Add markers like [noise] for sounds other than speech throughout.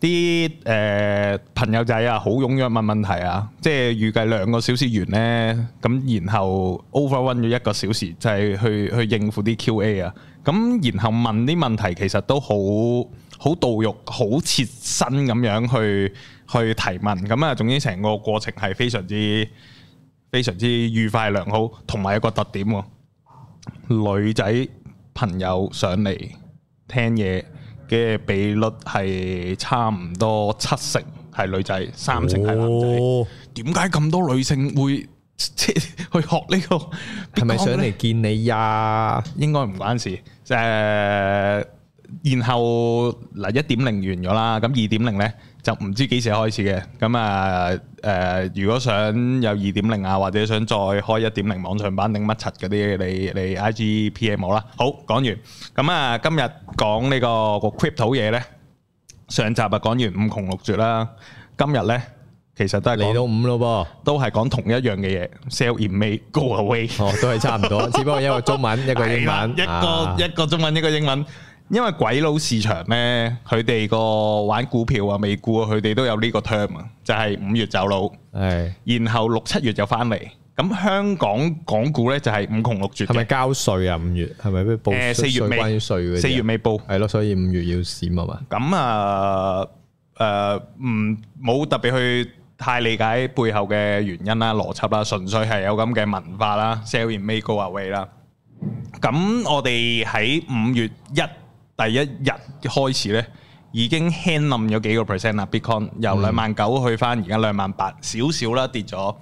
啲誒、呃、朋友仔啊，好踴躍問問題啊，即係預計兩個小時完咧，咁然後 overrun 咗一個小時就係去去應付啲 QA 啊，咁然後問啲問題其實都好好到肉，好切身咁樣去去提問，咁啊總之成個過程係非常之非常之愉快良好，同埋一個特點，啊，女仔朋友上嚟聽嘢。嘅比率係差唔多七成係女仔，三成係男仔。點解咁多女性會即係去學呢個？係咪想嚟見你呀？應該唔關事。誒，然後嗱，一點零完咗啦，咁二點零咧。就唔知幾時開始嘅，咁啊誒，如果想有二點零啊，或者想再開一點零網上版定乜柒嗰啲，你你 I G P M 啦。好，講完。咁啊，今日講呢個個 crypto 嘢咧，上集啊講完五窮六絕啦，今日咧其實都係嚟到五咯噃，都係講同一樣嘅嘢，sell in May, go away。哦，都係差唔多，只不過一個中文，一個英文，一個一個中文，一個英文。因為鬼佬市場咧，佢哋個玩股票啊、美股啊，佢哋都有呢個 term 啊，就係五月走佬，係，然後六七月又翻嚟。咁香港港股咧就係五窮六絕。係咪交稅啊？五月係咪咩報稅關於稅嘅？四月尾報。係咯，所以五月要閃啊嘛。咁啊，誒，唔冇特別去太理解背後嘅原因啦、邏輯啦，純粹係有咁嘅文化啦，sell in May go away 啦。咁我哋喺五月一第一日開始咧，已經輕冧咗幾個 percent 啦。Bitcoin 由兩萬九去翻而家兩萬八，少少啦跌咗。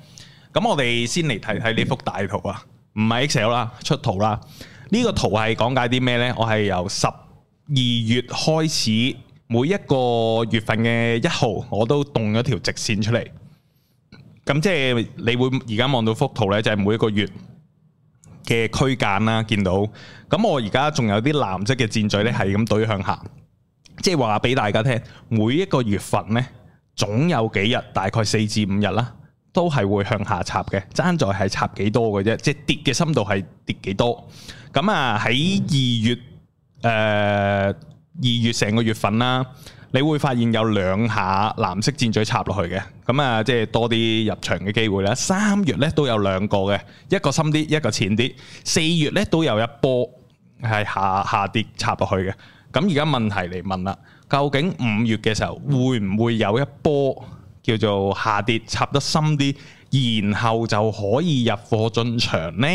咁我哋先嚟睇睇呢幅大圖啊，唔係 Excel 啦，出圖啦。呢個圖係講解啲咩呢？我係由十二月開始，每一個月份嘅一號，我都動咗條直線出嚟。咁即係你會而家望到幅圖呢，就係每一個月嘅區間啦，見到咁，我而家仲有啲藍色嘅箭嘴咧，係咁對向下，即係話俾大家聽，每一個月份咧，總有幾日，大概四至五日啦，都係會向下插嘅，爭在係插幾多嘅啫，即係跌嘅深度係跌幾多。咁啊，喺二月誒呃二月成個月份啦。你會發現有兩下藍色箭嘴插落去嘅，咁啊，即係多啲入場嘅機會咧。三月咧都有兩個嘅，一個深啲，一個淺啲。四月咧都有一波係下下跌插落去嘅。咁而家問題嚟問啦，究竟五月嘅時候會唔會有一波叫做下跌插得深啲，然後就可以入貨進場呢？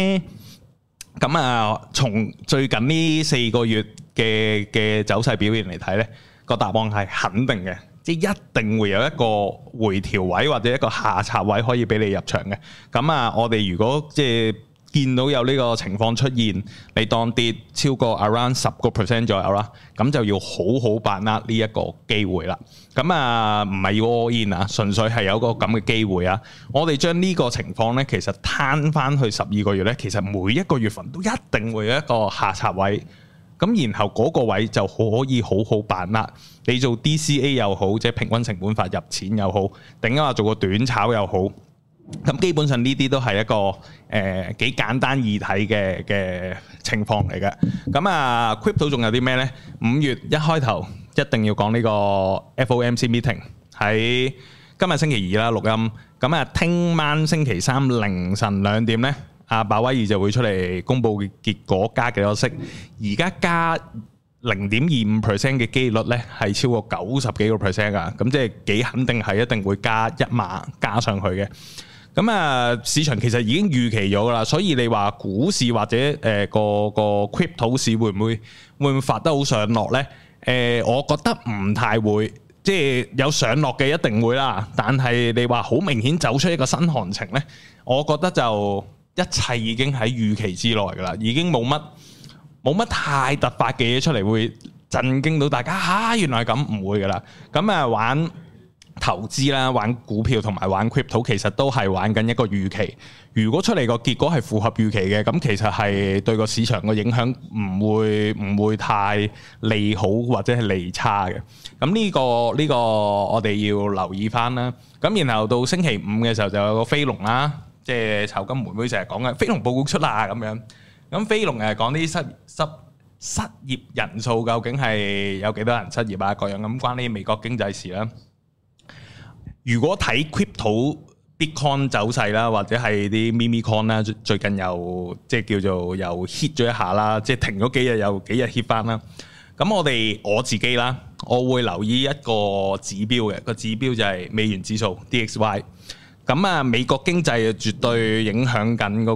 咁啊，從最近呢四個月嘅嘅走勢表現嚟睇咧。個答案係肯定嘅，即係一定會有一個回調位或者一個下插位可以俾你入場嘅。咁啊，我哋如果即係見到有呢個情況出現，你當跌超過 around 十個 percent 左右啦，咁就要好好把握呢一個機會啦。咁啊，唔係要 all in 啊，純粹係有個咁嘅機會啊。我哋將呢個情況咧，其實攤翻去十二個月咧，其實每一個月份都一定會有一個下插位。咁然後嗰個位就可以好好把握啦。你做 DCA 又好，即係平均成本法入錢又好，定啊做個短炒又好。咁基本上呢啲都係一個誒幾，呃、簡單易睇嘅嘅情況嚟嘅。咁、嗯、啊 Crypto 仲有啲咩呢？五月一開頭一定要講呢個 FOMC meeting 喺今日星期二啦，錄音。咁啊，聽、嗯、晚星期三凌晨兩點呢。阿鮑威爾就會出嚟公布嘅結果加幾多息？而家加零點二五 percent 嘅機率咧，係超過九十幾個 percent 啊！咁即係幾肯定係一定會加一碼加上去嘅。咁啊，市場其實已經預期咗啦，所以你話股市或者誒個個 crypto 市會唔會會唔會發得好上落咧？誒，我覺得唔太會，即係有上落嘅一定會啦。但係你話好明顯走出一個新行情咧，我覺得就～一切已經喺預期之內嘅啦，已經冇乜冇乜太突發嘅嘢出嚟會震驚到大家嚇、啊，原來係咁唔會嘅啦。咁啊玩投資啦，玩股票同埋玩 crypto 其實都係玩緊一個預期。如果出嚟個結果係符合預期嘅，咁其實係對個市場個影響唔會唔會太利好或者係利差嘅。咁呢個呢個我哋要留意翻啦。咁然後到星期五嘅時候就有個飛龍啦、啊。即係籌金妹妹成日講嘅飛龍報告出啦，咁樣，咁飛龍誒，講啲失失失業人數究竟係有幾多人失業啊？各樣咁關啲美國經濟事啦。如果睇 Crypto Bitcoin 走勢啦，或者係啲 meme coin 啦，最近又即係叫做又 hit 咗一下啦，即係停咗幾日又幾日 hit 翻啦。咁我哋我自己啦，我會留意一個指標嘅個指標就係美元指數 DXY。咁啊，美國經濟絕對影響緊嗰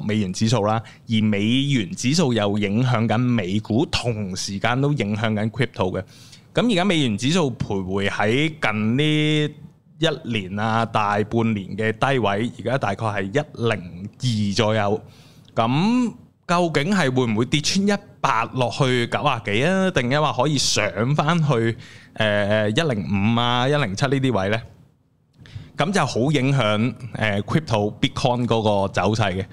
個美元指數啦，而美元指數又影響緊美股，同時間都影響緊 crypto 嘅。咁而家美元指數徘徊喺近呢一年啊，大半年嘅低位，而家大概係一零二左右。咁究竟係會唔會跌穿一百落去九啊幾啊？定一話可以上返去誒一零五啊、一零七呢啲位呢？咁就好影響誒 crypto、Bitcoin 嗰個走勢嘅。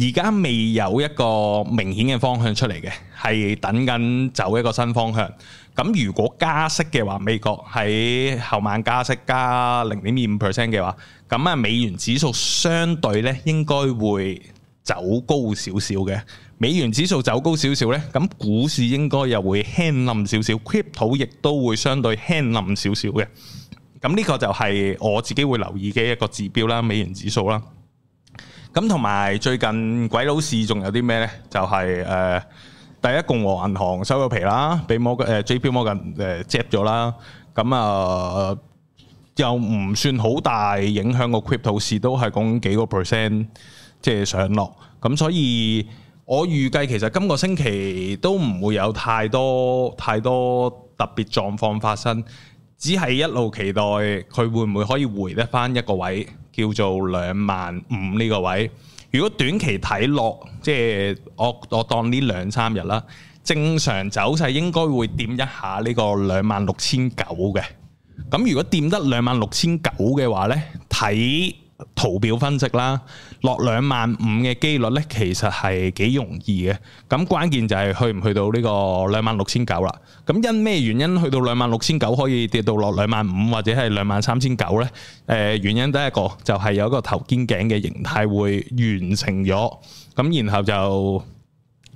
而家未有一個明顯嘅方向出嚟嘅，係等緊走一個新方向。咁如果加息嘅話，美國喺後晚加息加零點二五 percent 嘅話，咁啊美元指數相對咧應該會走高少少嘅。美元指數走高少少咧，咁股市應該又會輕冧少少，crypto 亦都會相對輕冧少少嘅。咁呢個就係我自己會留意嘅一個指標啦，美元指數啦。咁同埋最近鬼佬市仲有啲咩呢？就係誒，第一共和銀行收咗皮啦，俾摩誒 J.P. 摩根誒接咗啦。咁啊，又唔算好大影響個 crypto 市，都係講幾個 percent 即係上落。咁所以我預計其實今個星期都唔會有太多太多特別狀況發生。只係一路期待佢會唔會可以回得返一個位叫做兩萬五呢個位。如果短期睇落，即係我我當呢兩三日啦，正常走勢應該會掂一下呢個兩萬六千九嘅。咁如果掂得兩萬六千九嘅話呢，睇圖表分析啦。落兩萬五嘅機率呢，其實係幾容易嘅。咁關鍵就係去唔去到呢個兩萬六千九啦。咁因咩原因去到兩萬六千九可以跌到落兩萬五或者係兩萬三千九呢？誒、呃，原因第一個就係、是、有一個頭肩頸嘅形態會完成咗。咁然後就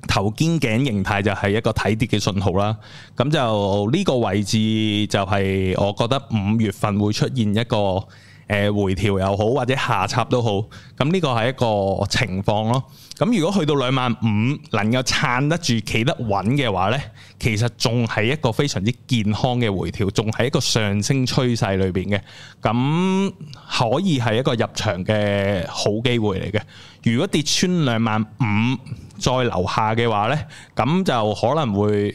頭肩頸形態就係一個睇跌嘅信號啦。咁就呢個位置就係我覺得五月份會出現一個。誒回調又好，或者下插都好，咁呢個係一個情況咯。咁如果去到兩萬五能夠撐得住、企得穩嘅話呢，其實仲係一個非常之健康嘅回調，仲係一個上升趨勢裏邊嘅，咁可以係一個入場嘅好機會嚟嘅。如果跌穿兩萬五再留下嘅話呢，咁就可能會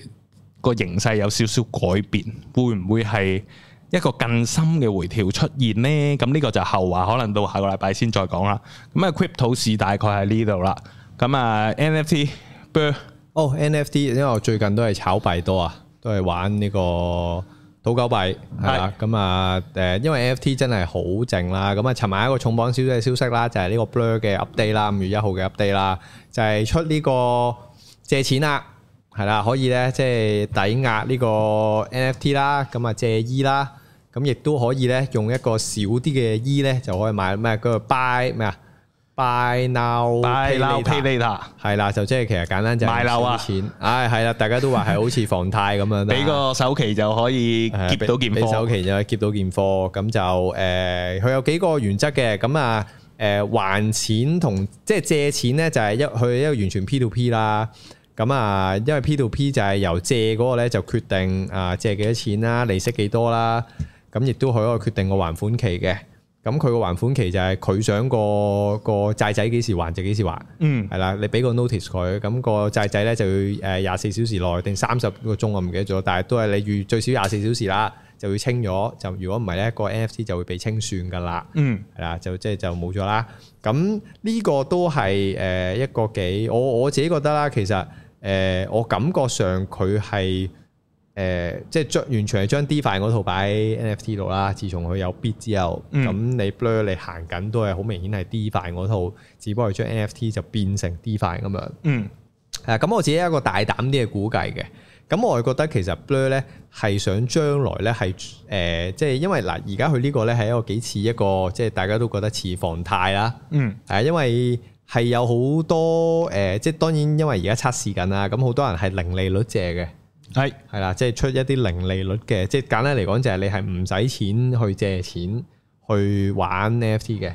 個形勢有少少改變，會唔會係？一個更深嘅回調出現呢，咁呢個就後話，可能到下個禮拜先再講啦。咁啊，Crypto 市大概喺呢度啦。咁啊，NFT，哦，NFT，因為我最近都係炒幣多啊，都係玩呢個土狗幣係啦。咁啊，誒，因為 NFT 真係好靜啦。咁啊，尋晚一個重磅消息嘅消息啦，就係呢個 Blur 嘅 update 啦，五月一號嘅 update 啦，就係出呢個借錢啦，係啦，可以咧即係抵押呢個 NFT 啦，咁啊借衣啦。咁亦都可以咧，用一個少啲嘅 E 咧，就可以買咩嗰個 Buy 咩啊？Buy now，Buy now，Pay later 係啦，就即係其實簡單就買樓啊！Now, later, 錢，唉，係啦，大家都話係好似房貸咁樣，俾 [laughs] 個首期就可以結、啊、到件，俾首期就可以結到件貨。咁了就誒，佢、呃、有幾個原則嘅。咁、嗯、啊，誒、呃、還錢同即係借錢咧，就係一佢一個完全 P to P 啦。咁、嗯、啊，因為 P to P 就係由借嗰個咧就決定啊，借幾多錢啦，利息幾多啦。咁亦都可以決定個還款期嘅，咁佢個還款期就係佢想個個債仔幾時還就幾時還，時還，嗯，係啦，你俾個 notice 佢，咁、個債仔咧就誒廿四小時內定三十個鐘我唔記得咗，但係都係你預最少廿四小時啦，就會清咗，就如果唔係咧個 N F T 就會被清算噶啦，嗯，係啦，就即係就冇咗啦。咁呢個都係誒一個幾，我我自己覺得啦，其實誒、呃、我感覺上佢係。誒、呃，即係將完全係將 DeFi 嗰套擺喺 NFT 度啦。自從佢有 Bit 之後，咁、嗯、你 Blur 你行緊都係好明顯係 DeFi 嗰套，只不過係將 NFT 就變成 DeFi 咁樣。嗯，係咁、啊、我自己一個大膽啲嘅估計嘅，咁我覺得其實 Blur 咧係想將來咧係誒，即係因為嗱，而家佢呢個咧係一個幾似一個，即係大家都覺得似房貸啦。嗯，係、啊、因為係有好多誒、呃，即係當然因為而家測試緊啦，咁好多人係零利率借嘅。係，係啦，即係出一啲零利率嘅，即係簡單嚟講就係你係唔使錢去借錢去玩 NFT 嘅。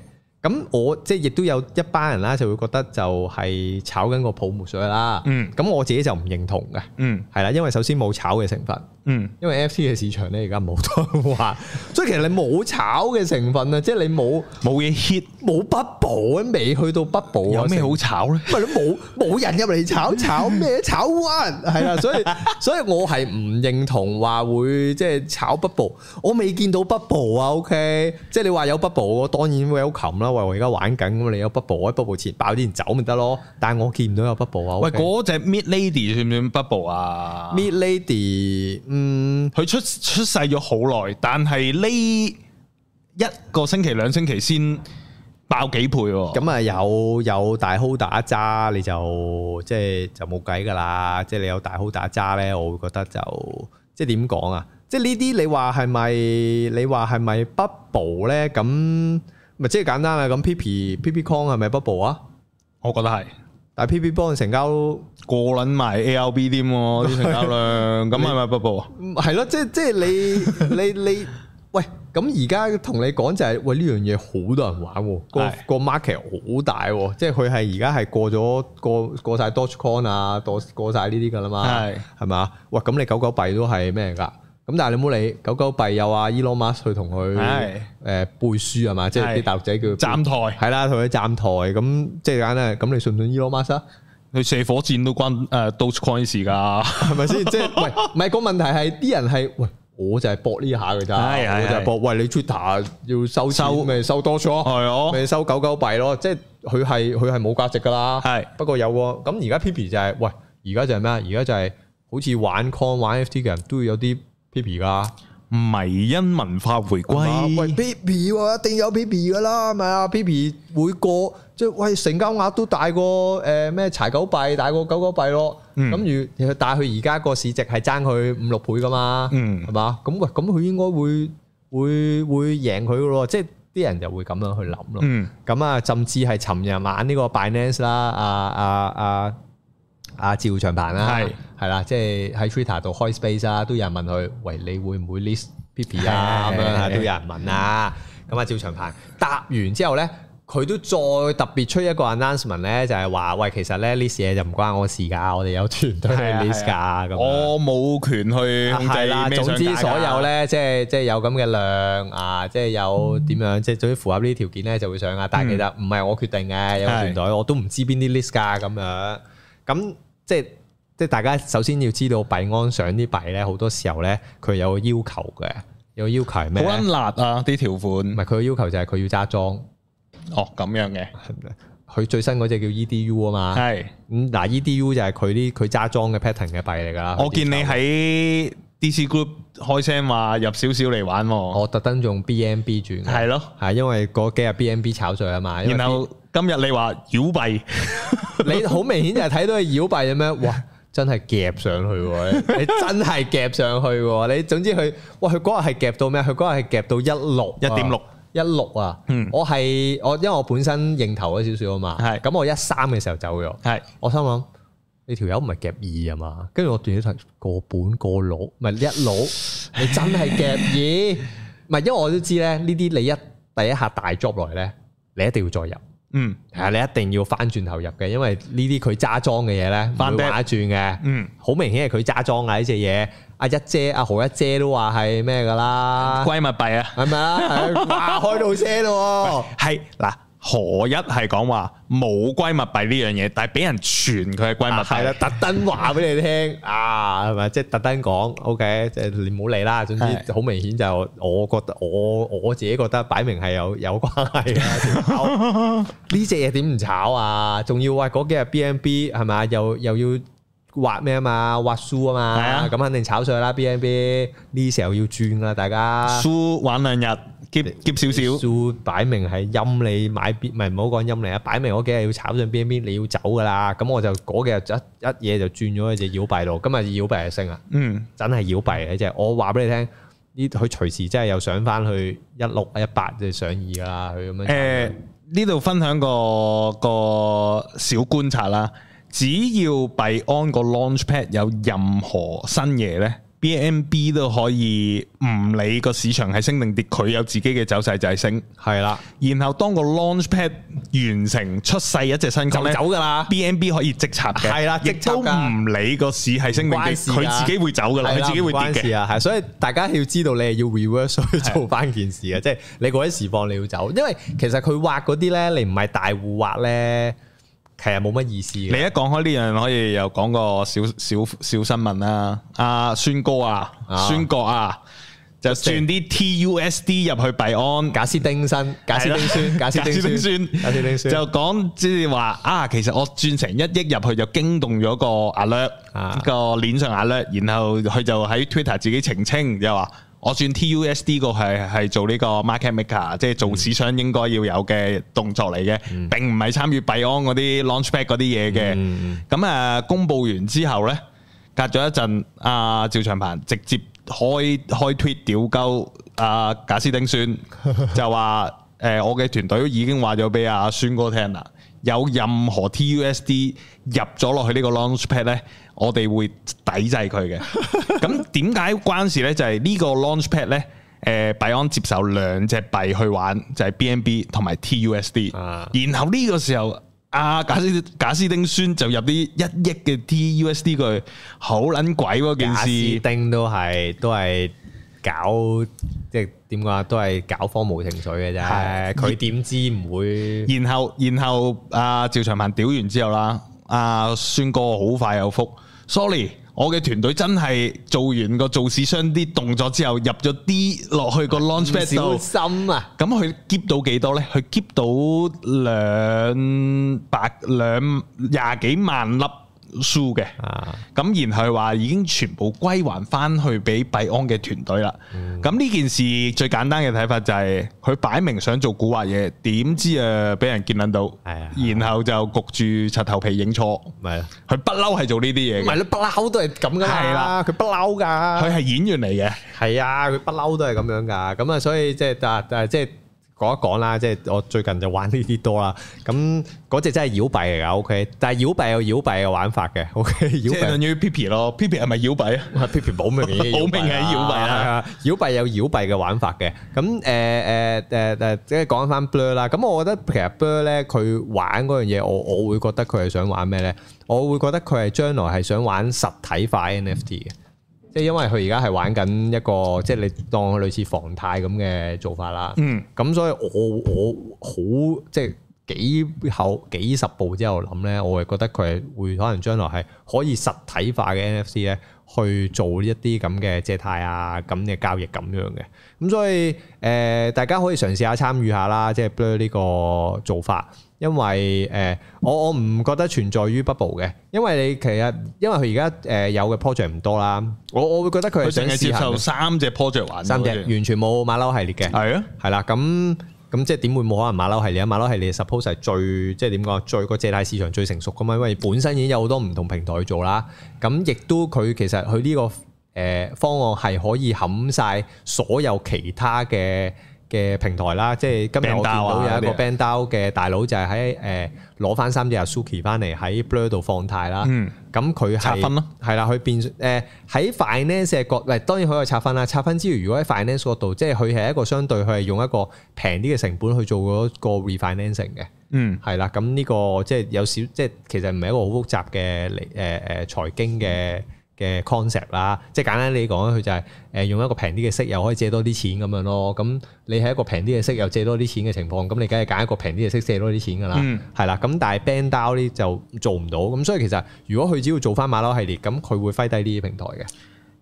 咁我即係亦都有一班人啦，就會覺得就係炒緊個泡沫水去啦。咁、嗯、我自己就唔認同嘅。係啦、嗯，因為首先冇炒嘅成分。嗯、因為 NFT 嘅市場咧，而家冇多話，所以其實你冇炒嘅成分啊，即係你冇冇嘢 hit 冇 bubble，未去到 bubble，有咩好炒咧？唔係你冇冇人入嚟炒，炒咩炒溫？係啦，所以所以我係唔認同話會即係炒 bubble。我未見到 bubble 啊。OK，即係你話有 bubble，我當然會有琴啦。我而家玩緊，咁你有 bubble，我 bubble 前爆啲錢走咪得咯？但係我見唔到有 bubble 啊，okay？喂，嗰隻 Milady 算唔算 bubble 啊？Milady，嗯，佢出出世咗好耐，但係呢一個星期、兩星期先爆幾倍喎。咁啊，有有大 holder 揸，你就即係就冇計噶啦。即係、就是、你有大 holder 揸咧，我會覺得就即係點講啊？即係呢啲你話係咪？你話係咪 bubble 咧？咁？咪即係簡單啦，咁 PPPPCon 係咪 bubble 啊？是是我覺得係，但係 PP 幫你成交過捻埋 ALB 添喎，啲成交量，咁係咪 bubble？係咯，即係即係你你你，喂，咁而家同你講就係、是，喂呢樣嘢，好多人玩，是個個 market 好大，即係佢係而家係過咗過過晒 DogeCon 啊，過晒呢啲噶啦嘛，係係嘛？喂，咁你狗狗幣都係咩噶？咁但係你冇理狗狗幣有啊、e、Elon Musk 去同佢誒背書係嘛？的即係啲大陸仔叫站台係啦，同佢站台咁即係簡單。咁你信唔信 Elon Musk 啊？佢射火箭都關誒 Dogecoin 事㗎，係咪先？即係喂，唔係、個問題係啲人係喂，我就係搏呢下㗎咋，是的 我就係搏喂你 Twitter 要收收，咪收多咗，係咯的，咪收狗狗幣咯。即係佢係佢係冇價值㗎啦。係的不過有咁而家 Pipi 就係、是、喂，而家就係咩啊？而家就係好似玩 Coin 玩 FT 嘅人都要有啲。B B 噶，唔係迷因文化回歸，B B 一定有 B B 噶啦，係咪啊，B B 會過，即係喂成交額都大過誒咩柴狗幣，大過狗狗幣咯。咁如佢但係佢而家個市值係爭佢五六倍噶嘛，係嘛？咁喂，咁佢應該會會會贏佢噶咯，即係啲人就會咁樣去諗咯。咁啊，甚至係尋日晚呢個 Binance 啦，阿阿阿阿趙長鵬啦，係。係啦，即係喺 Twitter 度開 space 啊，都有人問佢，喂，你會唔會 list PEPE 啊？咁樣啊，都有人問啊。咁啊，趙長鵬答完之後咧，佢都再特別出一個 announcement 咧，就係話，喂，其實咧 list 嘢就唔關我事㗎，我哋有團隊 list 㗎。我冇權去。係啦，總之所有咧，即係即係有咁嘅量啊，即係有點樣，即係總之符合呢啲條件咧就會上啊。但係其實唔係我決定嘅，有個團隊我都唔知邊啲 list 㗎咁樣。咁即係。即係大家首先要知道幣安上啲幣咧，好多時候咧佢有個要求嘅，有個要求係咩？好辛辣啊啲條款，唔係佢嘅要求就係佢要揸莊。哦咁樣嘅，佢最新嗰隻叫 EDU 啊嘛。係是，咁嗱、嗯啊、EDU 就係佢啲佢揸莊嘅 pattern 嘅幣嚟㗎。我見你喺 DC Group 開聲話入少少嚟玩喎、哦。我特登用 BMB 轉。係咯的，係因為嗰幾日 BMB 炒水啊嘛。然後今日你話繞幣， [laughs] 你好明顯就係睇到佢繞幣咁樣，哇！ [laughs] 真係夾上去喎！你真係夾上去喎！ [laughs] 你總之佢，哇！佢嗰日係夾到咩？佢嗰日係夾到一六一點六一六啊！嗯，我係我因為我本身認頭咗少少啊嘛，係咁是的 我一三嘅時候走咗，係是的 我心諗你條友唔係夾二啊嘛，跟住我斷咗個本個腦，唔係一六，你真係夾二，唔係 [laughs] 因為我都知咧，呢啲你一第一下大 job 來咧，你一定要再入。嗯，係、啊、你一定要翻轉頭入嘅，因為呢啲佢揸莊嘅嘢咧，翻碟會玩一轉嘅。嗯，好明顯係佢揸莊啊！呢隻嘢，阿一姐、阿豪一姐都話係咩噶啦？閨蜜幣啊，係咪啊？ [laughs] 啊？開到車咯，啊，係嗱。何一係講話冇閨蜜幣呢樣嘢，但係俾人傳佢係閨蜜幣，係啦， [laughs] [laughs] 特登話俾你聽啊，係咪？即係特登講，OK，即係你唔好理啦。總之好明顯就，我覺得我我自己覺得擺明係有有關係啦。呢隻嘢點唔炒啊？仲要話嗰幾日 BNB 係咪啊？又又要挖咩啊嘛？挖輸啊嘛？係啊，咁肯定炒上去啦！BNB 呢時候要轉啦，大家輸玩兩日。跌少少，做擺明係陰你買 B，唔係唔好講陰你啊！擺明嗰幾日要炒上 B M B，你要走噶啦。咁我就嗰幾日一一嘢就轉咗去隻妖幣度。今日妖幣升啊，嗯，真係妖幣嘅即係。我話俾你聽，呢佢隨時真係又上翻去一六啊一八，就上二啦。佢咁樣。誒，呢度分享個個小觀察啦。只要幣安個 launch pad 有任何新嘢咧，B M B 都可以唔理個市場係升定跌，佢有自己嘅走勢就係升，係啦的。然後當個 launch pad 完成出世一隻新金咧，走噶啦。B M B 可以直插嘅，係啦，亦都唔理個市係升定跌佢自己會走噶啦，佢的自己會跌嘅。關係、啊，所以大家要知道你係要 reverse 去做翻件事啊，的即係你嗰啲時況你要走，因為其實佢挖嗰啲咧，你唔係大戶挖咧。其實冇乜意思，你一講開呢樣，可以又講個小小小，小新聞啦。阿孫哥啊，啊孫啊啊孫國啊，啊就轉啲 TUSD 入去幣安，假斯丁孫，假斯丁孫，了假斯丁孫，假丁，假丁就講即係話啊，其實我轉成一億入去就驚動咗個 alert，啊，個鏈上 alert，然後佢就喺 Twitter 自己澄清，就話。我算 TUSD 個係係做呢個 market maker 即係做市商應該要有嘅動作嚟嘅，並唔係參與幣安嗰啲 launchpad 嗰啲嘢嘅。咁、嗯、啊，公佈完之後呢，隔咗一陣，阿、啊、趙長鵬直接開開推掉鳩阿賈斯丁孫就，就話誒，我嘅團隊已經話咗俾阿孫哥聽啦、啊，有任何 TUSD 入咗落去呢個 launchpad 呢？」我哋會抵制佢嘅，咁點解關事呢？就係、是、呢個 launchpad 呢，誒、呃、幣安接受兩隻幣去玩，就係、是、BNB 同埋 TUSD。D, 啊、然後呢個時候，阿、啊、假斯假斯丁孫就入啲一億嘅 TUSD 佢好撚鬼喎件事。假斯丁都係都係搞，即係點講啊？都係搞荒無情緒嘅啫。佢點是他知唔會然？然後然後阿趙長鵬屌完之後啦，阿、啊、孫哥好快有福。Sorry，我嘅團隊真係做完個造市商啲動作之後，入咗啲落去個 launchpad 度，啊，咁佢、啊、keep 到幾多呢？佢 keep 到兩百兩廿幾萬粒。輸嘅，咁然後話已經全部歸還翻去俾幣安嘅團隊啦。咁呢件事最簡單嘅睇法就係佢擺明想做古惑嘢，點知啊俾人見捻到，然後就焗住擦頭皮影錯。係啊，佢不嬲係做呢啲嘢。唔係，佢不嬲都係咁噶啦。係啦，佢不嬲噶，佢係演員嚟嘅。係啊，佢不嬲都係咁樣噶。咁啊，所以即係但係即係。講一講啦，即係我最近就玩呢啲多啦。咁嗰隻真係妖幣嚟噶，O K。OK？但係妖幣有妖幣嘅玩法嘅，O K。即係你要 P P 咯，P P 係咪妖幣啊？係 P P 寶咪，冇命係妖幣啊。妖幣有妖幣嘅玩法嘅。咁誒誒誒誒，即係講翻 Blur 啦。咁我覺得其實 Blur 咧，佢玩嗰樣嘢，我我會覺得佢係想玩咩咧？我會覺得佢係將來係想玩實體化 N F T 嘅。嗯即係因為佢而家係玩緊一個，即係你當類似房貸咁嘅做法啦。嗯，咁所以我我好即係幾後幾十步之後諗咧，我係覺得佢會可能將來係可以實體化嘅 NFC 咧去做一啲咁嘅借貸啊，咁嘅交易咁樣嘅。咁所以誒、呃，大家可以嘗試下參與下啦，即係 Blur 呢個做法。因為誒，我我唔覺得存在於 bubble 嘅，因為你其實因為佢而家誒有嘅 project 唔多啦，我我會覺得佢係想試下三隻 project 玩，三隻完全冇馬騮系列嘅，係啊，係啦，咁咁即係點會冇可能馬騮系列？馬騮系列 suppose 係最即係點講？最個借貸市場最成熟噶嘛因為本身已經有好多唔同平台去做啦，咁亦都佢其實佢呢、這個誒、呃、方案係可以冚晒所有其他嘅。嘅平台啦，即係今日我見到有一個 BendDAO 嘅大佬就係喺誒攞翻三隻 Azuki 翻嚟喺 Blur 度放貸啦。嗯，咁佢係拆分咯，係啦，佢變誒喺 finance 嘅角，嗱當然佢有拆分啦。拆分之餘，如果喺 finance 角度，即係佢係一個相對，佢係用一個平啲嘅成本去做咗個 refinancing 嘅。嗯，係啦，咁呢個即係有少即係其實唔係一個好複雜嘅嚟誒誒財經嘅。嗯嘅 concept 啦，即係簡單你講佢就係誒用一個平啲嘅息，又可以借多啲錢咁樣咯。咁你係一個平啲嘅息，又借多啲錢嘅情況，咁你梗係揀一個平啲嘅息借多啲錢㗎啦。係啦、嗯，咁但係 BendDAO 就做唔到。咁所以其實如果佢只要做翻馬騮系列，咁佢會揮低呢啲平台嘅。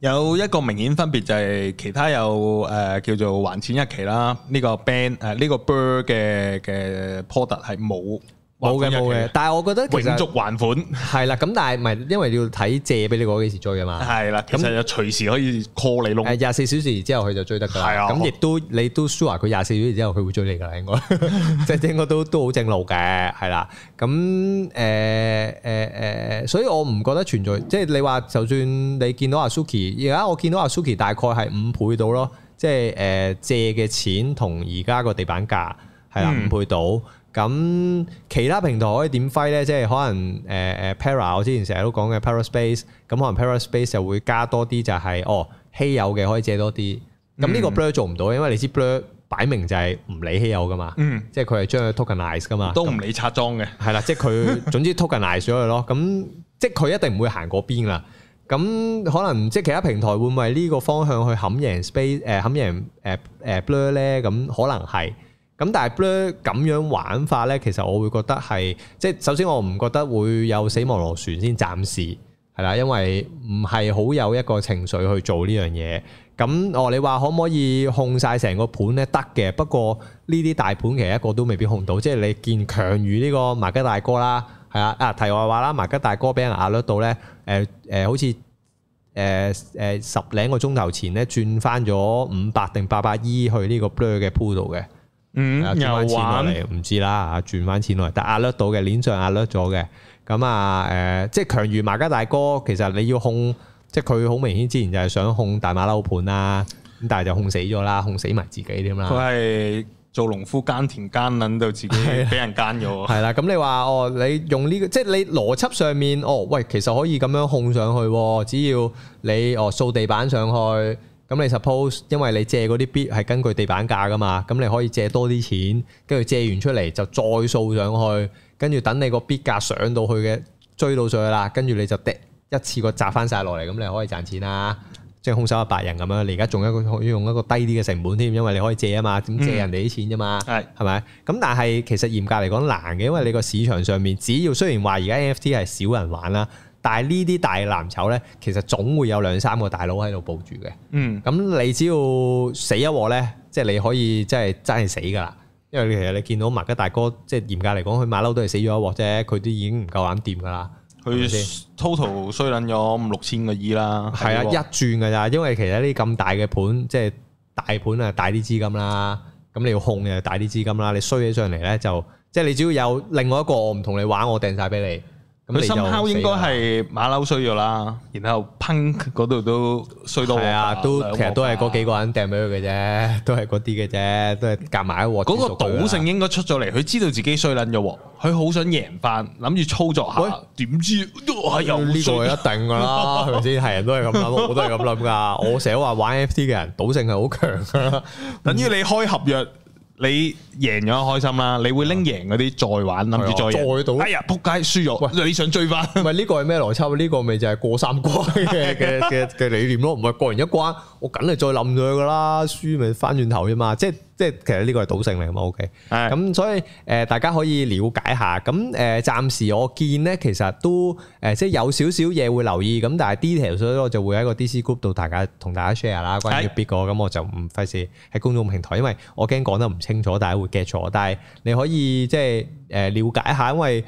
有一個明顯分別就係其他有誒、呃、叫做還錢一期啦，呢、這個 Blend 誒、呃、呢、這個 Blur 嘅嘅 product 係冇。冇嘅，冇嘅、哦。但係我覺得，其實續還款係啦。咁但係唔係，因為要睇借俾你嗰幾時追啊嘛。係啦的，咁就那隨時可以 call 你囉。係廿四小時之後佢就追得㗎喇。係啊的，咁亦都你都 sure，佢廿四小時之後佢會追你㗎啦。應該即係 [laughs] 應該都應該都好正路嘅。係啦，咁誒誒誒，所以我唔覺得存在。即係你話，就算你見到 Azuki 而家，我見到 Azuki 大概係五倍到咯。即係誒借嘅錢同而家個地板價係啦五倍到。嗯咁其他平台可以點揮咧？即係可能誒誒 Para，我之前成日都講嘅 Para Space，咁可能 Para Space 就會加多啲、就係，就係哦稀有嘅可以借多啲。咁呢、嗯、個 Blur 做唔到，因為你知 Blur 擺明就係唔理稀有噶嘛，嗯、即係佢係將佢 tokenize 噶嘛，都唔理拆裝嘅。係啦那， [laughs] 即係佢總之 tokenize 咗佢咯。咁即係佢一定唔會行嗰邊啦。咁可能即係其他平台會唔會喺呢個方向去冚贏 Space，誒、呃、冚贏誒誒 Blur 咧。咁、呃呃呃呃呃呃呃呃、可能係。咁但係 Blur 咁樣玩法咧，其實我會覺得係，即係首先我唔覺得會有死亡螺旋先暫時係啦，因為唔係好有一個情緒去做呢樣嘢。咁、嗯、哦，你話可唔可以控晒成個盤咧？得嘅，不過呢啲大盤其實一個都未必控到。即係你見強如呢個麻吉大哥啦，係啊啊題外話啦，麻吉大哥俾人壓略到咧，誒、呃、誒、呃、好似誒誒十零個鐘頭前咧轉翻咗五百定八百二去呢個 Blur 嘅鋪度嘅。嗯，轉翻錢落嚟，唔、嗯、知啦，啊，轉翻錢落嚟，但係壓力到嘅，鏈上壓力咗嘅，咁啊，誒，即係強如馬家大哥，其實你要控，即係佢好明顯之前就係想控大馬騮盤啦，咁但係就控死咗啦，控死埋自己添啦。佢係做農夫耕田耕，捻到自己俾人奸咗。 [laughs] 係啦，咁你話哦，你用呢、這個，即係你邏輯上面，哦，喂，其實可以咁樣控上去，只要你哦掃地板上去。咁你 suppose，因為你借嗰啲 bid 係根據地板價噶嘛，咁你可以借多啲錢，跟住借完出嚟就再掃上去，跟住等你個 bid 價上到去嘅追到上去啦，跟住你就滴一次過砸翻晒落嚟，咁你可以賺錢啦。嗯、即係空手一百人咁樣，你而家仲一個要用一個低啲嘅成本添，因為你可以借啊嘛，咁借人哋啲錢啫嘛，係係咪？咁但係其實嚴格嚟講難嘅，因為你個市場上面只要雖然話而家 NFT 係少人玩啦。但係呢啲大藍籌咧，其實總會有兩三個大佬喺度保住嘅。嗯，咁你只要死一鑊咧，即係你可以即係真係死噶啦。因為其實你見到麥吉大哥，即係嚴格嚟講，佢馬騮都係死咗一鑊啫，佢都已經唔夠膽掂噶啦。佢 total 衰撚咗五六千個億啦。係 [laughs] 啊，一轉㗎咋？因為其實呢啲咁大嘅盤，即係大盤啊，大啲資金啦。咁你要控嘅大啲資金啦。你衰起上嚟咧，就即係你只要有另外一個，我唔同你玩，我掟晒俾你。咁你深烤應該係馬騮衰咗啦，然後 Punk 嗰度都衰到，係啊都，都其實都係嗰幾個人掟俾佢嘅啫，都係嗰啲嘅啫，都係夾埋一鑊。嗰個賭性應該出咗嚟，佢知道自己衰撚嘅，佢好想贏返，諗住操作下，喂，點知哇又呢個一定噶啦，係咪先？係人都係咁諗，我都係咁諗噶。我成日話玩 NFT 嘅人賭性係好強噶，啦等於你開合約。你贏咗開心啦，你會拎贏嗰啲再玩，諗住再贏，再到。哎呀，撲街輸咗。輸喂，你想追翻？唔係呢個係咩邏輯？呢個咪就係過三關嘅嘅嘅嘅理念咯。唔係過完一關，我梗係再冧咗佢噶啦，輸咪翻轉頭啫嘛。即係。即係其實呢個係賭性嚟嘅嘛，OK，咁的所以誒大家可以了解下，咁誒暫時我見咧其實都誒即係有少少嘢會留意，咁但係 detail 所以我就會喺個 DC group 度大家同大家 share 啦，關於 bit 個，咁的我就唔費事喺公眾平台，因為我驚講得唔清楚，大家會 get 錯，但係你可以即係誒瞭解下，因為。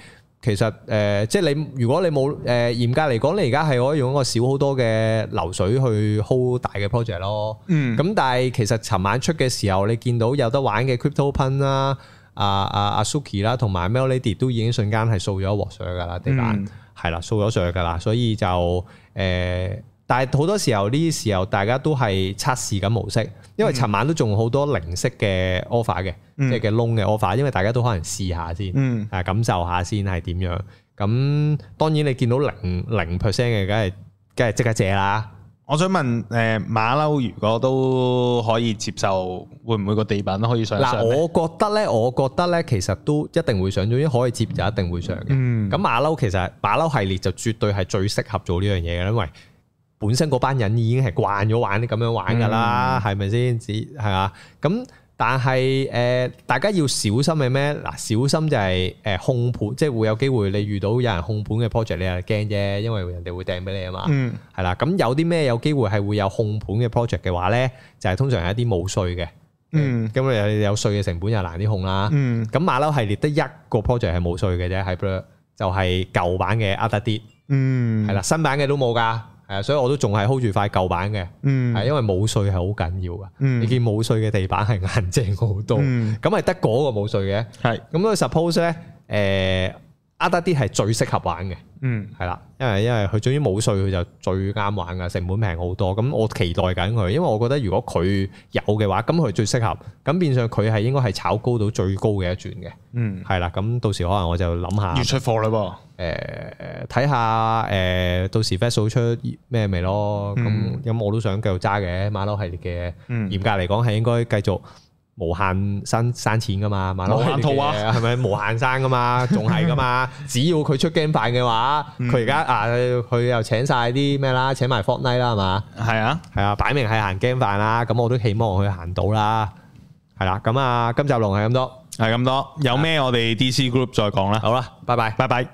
其實誒、呃，即係你如果你冇誒、呃、嚴格嚟講，你而家係可以用一個少好多嘅流水去 hold 大嘅 project 咯。嗯，咁但係其實尋晚出嘅時候，你見到有得玩嘅 CryptoPunk 啦、啊、啊啊啊 Azuki 啦，同埋 melody 都已經瞬間係掃咗一鑊水㗎啦，地板係啦，掃咗水去㗎啦，所以就誒。呃但係好多時候呢啲時候，大家都係測試緊模式，因為尋晚都仲好多零息嘅 offer 嘅，嗯、即係嘅窿嘅 offer，因為大家都可能試下先，啊、嗯、感受下先係點樣。咁當然你見到零零 percent 嘅，梗係梗係即刻借啦。我想問誒馬騮，呃、馬騮如果都可以接受，會唔會個地板都可以上，上？嗱，我覺得咧，我覺得咧，其實都一定會上咗，因為可以接就一定會上嘅。咁馬騮其實馬騮系列就絕對係最適合做呢樣嘢嘅，因為本身嗰班人已經係慣咗玩啲咁樣玩噶啦，係咪先？係嘛？咁但係誒，大家要小心嘅咩？嗱，小心就係誒控盤，即係會有機會你遇到有人控盤嘅 project，你又驚啫，因為人哋會掟俾你啊嘛。嗯，係啦。咁有啲咩有機會係會有控盤嘅 project 嘅話咧，就係通常係一啲冇稅嘅。嗯，咁你有有稅嘅成本又難啲控啦。嗯，咁馬騮系列得一個 project 係冇稅嘅啫，喺 blue 就係舊版嘅 update。嗯，係啦，新版嘅都冇噶。係所以我都仲係 hold 住塊舊版嘅，係、嗯、因為冇稅係好緊要㗎。嗯、你見冇稅嘅地板係硬淨好多，咁係得嗰個冇稅嘅。係是，咁都 suppose 咧，誒呃得啲係最適合玩嘅。嗯，係啦，因為因為佢總之冇稅，佢就最啱玩㗎，成本平好多。咁我期待緊佢，因為我覺得如果佢有嘅話，咁佢最適合。咁變相佢係應該係炒高到最高嘅一轉嘅。嗯，係啦，咁到時可能我就諗下要出貨啦噃。誒睇下誒，到時 fast 掃出咩味咯？咁咁我都想繼續揸嘅馬騮系列嘅。嚴格嚟講係應該繼續無限生生錢噶嘛，馬騮系列嘅係咪無限生噶嘛？仲係噶嘛？只要佢出 game 飯嘅話，佢而家啊佢又請曬啲咩啦？請埋 Fortnite 啦，係嘛？係啊係啊，擺明係行 game 飯啦。咁我都希望佢行到啦。係啦，咁啊今集龍係咁多，係咁多。有咩我哋 DC Group 再講啦。好啦，拜拜，拜拜。